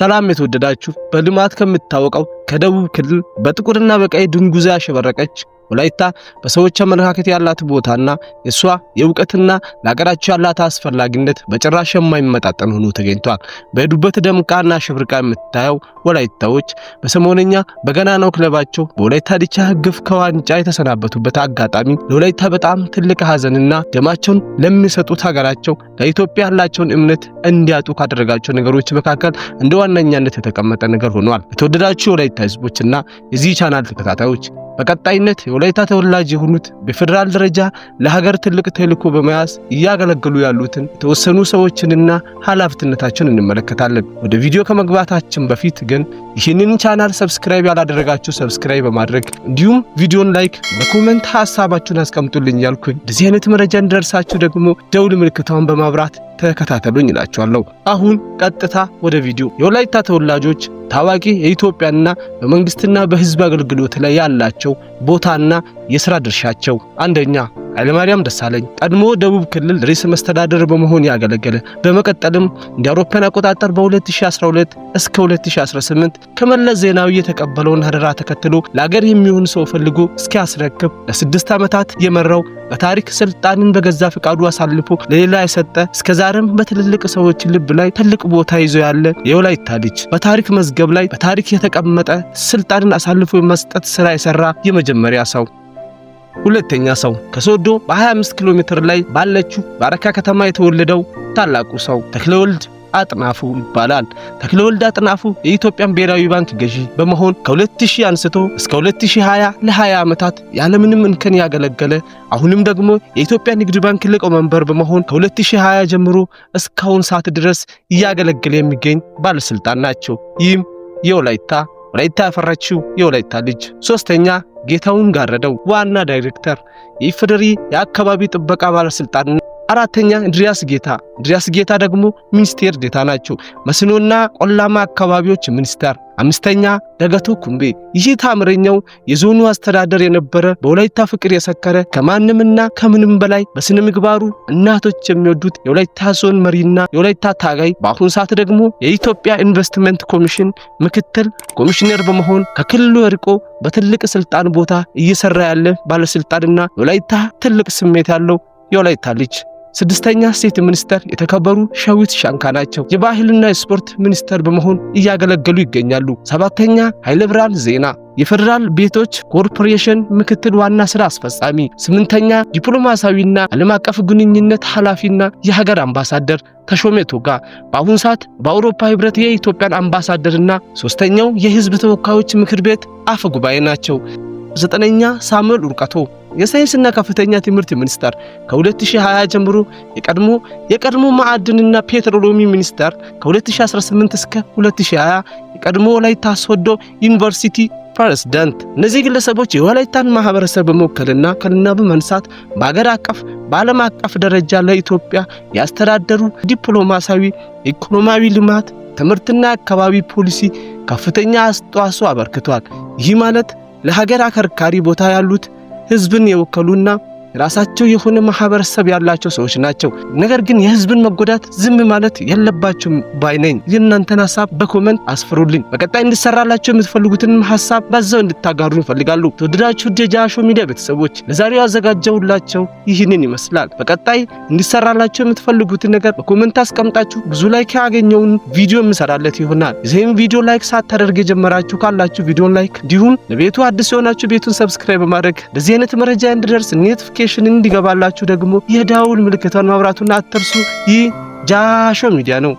ሰላም የተወደዳችሁ በልማት ከምታወቀው ከደቡብ ክልል በጥቁርና በቀይ ድንጉዛ ያሸበረቀች ወላይታ በሰዎች አመለካከት ያላት ቦታና የእሷ የእውቀትና ለሀገራቸው ያላት አስፈላጊነት በጭራሽ የማይመጣጠን ሆኖ ተገኝቷል። በሄዱበት ደምቃና ሽብርቃ የምታየው ወላይታዎች በሰሞነኛ በገናናው ክለባቸው በወላይታ ዲቻ ህግፍ ከዋንጫ የተሰናበቱበት አጋጣሚ ለወላይታ በጣም ትልቅ ሀዘንና ደማቸውን ለሚሰጡት ሀገራቸው ለኢትዮጵያ ያላቸውን እምነት እንዲያጡ ካደረጋቸው ነገሮች መካከል እንደ ዋነኛነት የተቀመጠ ነገር ሆኗል። የተወደዳችሁ ወላይታ የአሜሪካ ህዝቦችና የዚህ ቻናል ተከታታዮች በቀጣይነት የወላይታ ተወላጅ የሆኑት በፌዴራል ደረጃ ለሀገር ትልቅ ተልዕኮ በመያዝ እያገለገሉ ያሉትን የተወሰኑ ሰዎችንና ኃላፊነታቸውን እንመለከታለን። ወደ ቪዲዮ ከመግባታችን በፊት ግን ይህንን ቻናል ሰብስክራይብ ያላደረጋችሁ ሰብስክራይብ በማድረግ እንዲሁም ቪዲዮን ላይክ፣ በኮመንት ሀሳባችሁን አስቀምጡልኝ ያልኩኝ እንደዚህ አይነት መረጃ እንደርሳችሁ ደግሞ ደውል ምልክታውን በማብራት ተከታተሉኝ እላችኋለሁ። አሁን ቀጥታ ወደ ቪዲዮ። የወላይታ ተወላጆች ታዋቂ የኢትዮጵያና በመንግስትና በህዝብ አገልግሎት ላይ ያላቸው ቦታ ቦታና የሥራ ድርሻቸው አንደኛ ኃይለማርያም ደሳለኝ ቀድሞ ደቡብ ክልል ርዕሰ መስተዳደር በመሆን ያገለገለ በመቀጠልም እንደ አውሮፓውያን አቆጣጠር በ2012 እስከ 2018 ከመለስ ዜናዊ የተቀበለውን አደራ ተከትሎ ለአገር የሚሆን ሰው ፈልጎ እስኪያስረክብ ለስድስት ዓመታት የመራው በታሪክ ስልጣንን በገዛ ፍቃዱ አሳልፎ ለሌላ የሰጠ እስከዛሬም በትልልቅ ሰዎች ልብ ላይ ትልቅ ቦታ ይዞ ያለ የወላይታ ልጅ በታሪክ መዝገብ ላይ በታሪክ የተቀመጠ ስልጣንን አሳልፎ የመስጠት ስራ የሰራ የመጀመሪያ ሰው ሁለተኛ ሰው ከሶዶ በ25 ኪሎ ሜትር ላይ ባለችው በአረካ ከተማ የተወለደው ታላቁ ሰው ተክለወልድ አጥናፉ ይባላል። ተክለወልድ አጥናፉ የኢትዮጵያን ብሔራዊ ባንክ ገዢ በመሆን ከ2000 አንስቶ እስከ 2020 ለ20 ዓመታት ያለምንም እንከን ያገለገለ አሁንም ደግሞ የኢትዮጵያ ንግድ ባንክ መንበር በመሆን ከ2020 ጀምሮ እስካሁን ሰዓት ድረስ እያገለገለ የሚገኝ ባለስልጣን ናቸው። ይህም የወላይታ ወላይታ ያፈራችው የወላይታ ልጅ። ሶስተኛ ጌታውን ጋረደው ዋና ዳይሬክተር የኢፌዴሪ የአካባቢ ጥበቃ ባለስልጣን። አራተኛ እንድሪያስ ጌታ። እንድሪያስ ጌታ ደግሞ ሚኒስቴር ዴታ ናቸው። መስኖና ቆላማ አካባቢዎች ሚኒስተር አምስተኛ ደገቱ ኩምቤ። ይህ ታምረኛው የዞኑ አስተዳደር የነበረ በወላይታ ፍቅር የሰከረ ከማንምና ከምንም በላይ በስነ ምግባሩ እናቶች የሚወዱት የወላይታ ዞን መሪና የወላይታ ታጋይ፣ በአሁኑ ሰዓት ደግሞ የኢትዮጵያ ኢንቨስትመንት ኮሚሽን ምክትል ኮሚሽነር በመሆን ከክልሉ ርቆ በትልቅ ስልጣን ቦታ እየሰራ ያለ ባለስልጣንና የወላይታ ትልቅ ስሜት ያለው የወላይታ ልጅ ስድስተኛ ሴት ሚኒስተር የተከበሩ ሸዊት ሻንካ ናቸው። የባህልና የስፖርት ሚኒስተር በመሆን እያገለገሉ ይገኛሉ። ሰባተኛ ኃይለ ብርሃን ዜና የፌዴራል ቤቶች ኮርፖሬሽን ምክትል ዋና ስራ አስፈጻሚ። ስምንተኛ ዲፕሎማሲያዊና ዓለም አቀፍ ግንኙነት ኃላፊና የሀገር አምባሳደር ተሾሜ ቶጋ በአሁኑ ሰዓት በአውሮፓ ህብረት የኢትዮጵያን አምባሳደርና ሶስተኛው የህዝብ ተወካዮች ምክር ቤት አፈ ጉባኤ ናቸው። ዘጠነኛ ሳሙኤል ኡርቀቶ የሳይንስና ከፍተኛ ትምህርት ሚኒስቴር ከ2020 ጀምሮ የቀድሞ የቀድሞ ማዕድንና ፔትሮሎሚ ሚኒስቴር ከ2018 እስከ 2020 የቀድሞ ወላይታ ሶዶ ዩኒቨርሲቲ ፕሬዝዳንት። እነዚህ ግለሰቦች የወላይታን ማህበረሰብ በመወከልና ከልና በመንሳት በአገር አቀፍ በዓለም አቀፍ ደረጃ ለኢትዮጵያ ያስተዳደሩ ዲፕሎማሲያዊ፣ ኢኮኖሚያዊ ልማት፣ ትምህርትና አካባቢ ፖሊሲ ከፍተኛ አስተዋጽኦ አበርክቷል። ይህ ማለት ለሀገር አከርካሪ ቦታ ያሉት ህዝብን የወከሉና ራሳቸው የሆነ ማህበረሰብ ያላቸው ሰዎች ናቸው። ነገር ግን የህዝብን መጎዳት ዝም ማለት የለባችሁም ባይነኝ። የእናንተን ሀሳብ በኮመንት አስፍሩልኝ። በቀጣይ እንድሰራላቸው የምትፈልጉትንም ሀሳብ በዛው እንድታጋሩ ይፈልጋሉ። ተወደዳችሁ ደጃሾ ሚዲያ ቤተሰቦች ለዛሬው ያዘጋጀውላቸው ይህንን ይመስላል። በቀጣይ እንዲሰራላቸው የምትፈልጉትን ነገር በኮመንት አስቀምጣችሁ ብዙ ላይክ ያገኘውን ቪዲዮ የምሰራለት ይሆናል። ይህም ቪዲዮ ላይክ ሳታደርግ የጀመራችሁ ካላችሁ ቪዲዮን ላይክ፣ እንዲሁም ለቤቱ አዲስ የሆናችሁ ቤቱን ሰብስክራይብ በማድረግ ለዚህ አይነት መረጃ እንድደርስ ኔትፍኬ ኖቲፊኬሽን እንዲገባላችሁ ደግሞ የዳውን ምልክቷን ማብራቱን አትርሱ። ይህ ጃሾ ሚዲያ ነው።